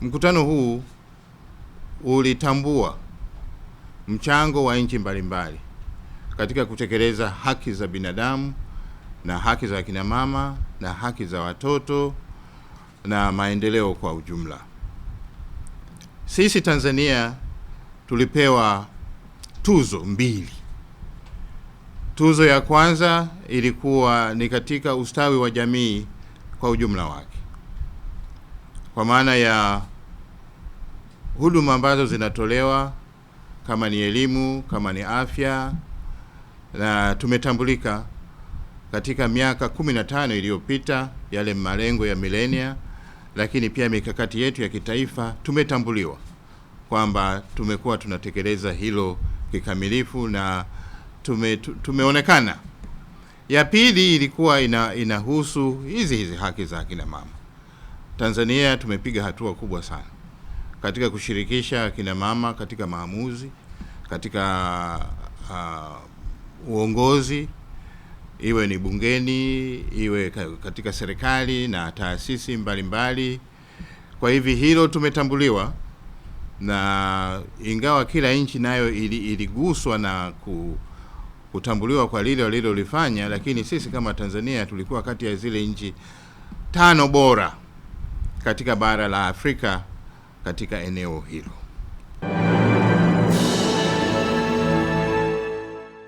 Mkutano huu ulitambua mchango wa nchi mbalimbali katika kutekeleza haki za binadamu na haki za kina mama na haki za watoto na maendeleo kwa ujumla. Sisi Tanzania tulipewa tuzo mbili. Tuzo ya kwanza ilikuwa ni katika ustawi wa jamii kwa ujumla wake, kwa maana ya huduma ambazo zinatolewa kama ni elimu, kama ni afya, na tumetambulika katika miaka 15 iliyopita yale malengo ya milenia, lakini pia mikakati yetu ya kitaifa tumetambuliwa kwamba tumekuwa tunatekeleza hilo kikamilifu na tume, tumeonekana. Ya pili ilikuwa ina, inahusu hizi hizi haki za akina mama. Tanzania tumepiga hatua kubwa sana katika kushirikisha kina mama katika maamuzi, katika uh, uongozi, iwe ni bungeni, iwe katika serikali na taasisi mbalimbali mbali. Kwa hivi hilo tumetambuliwa na ingawa kila nchi nayo iliguswa na ku, kutambuliwa kwa lile walilolifanya, lakini sisi kama Tanzania tulikuwa kati ya zile nchi tano bora katika bara la Afrika katika eneo hilo.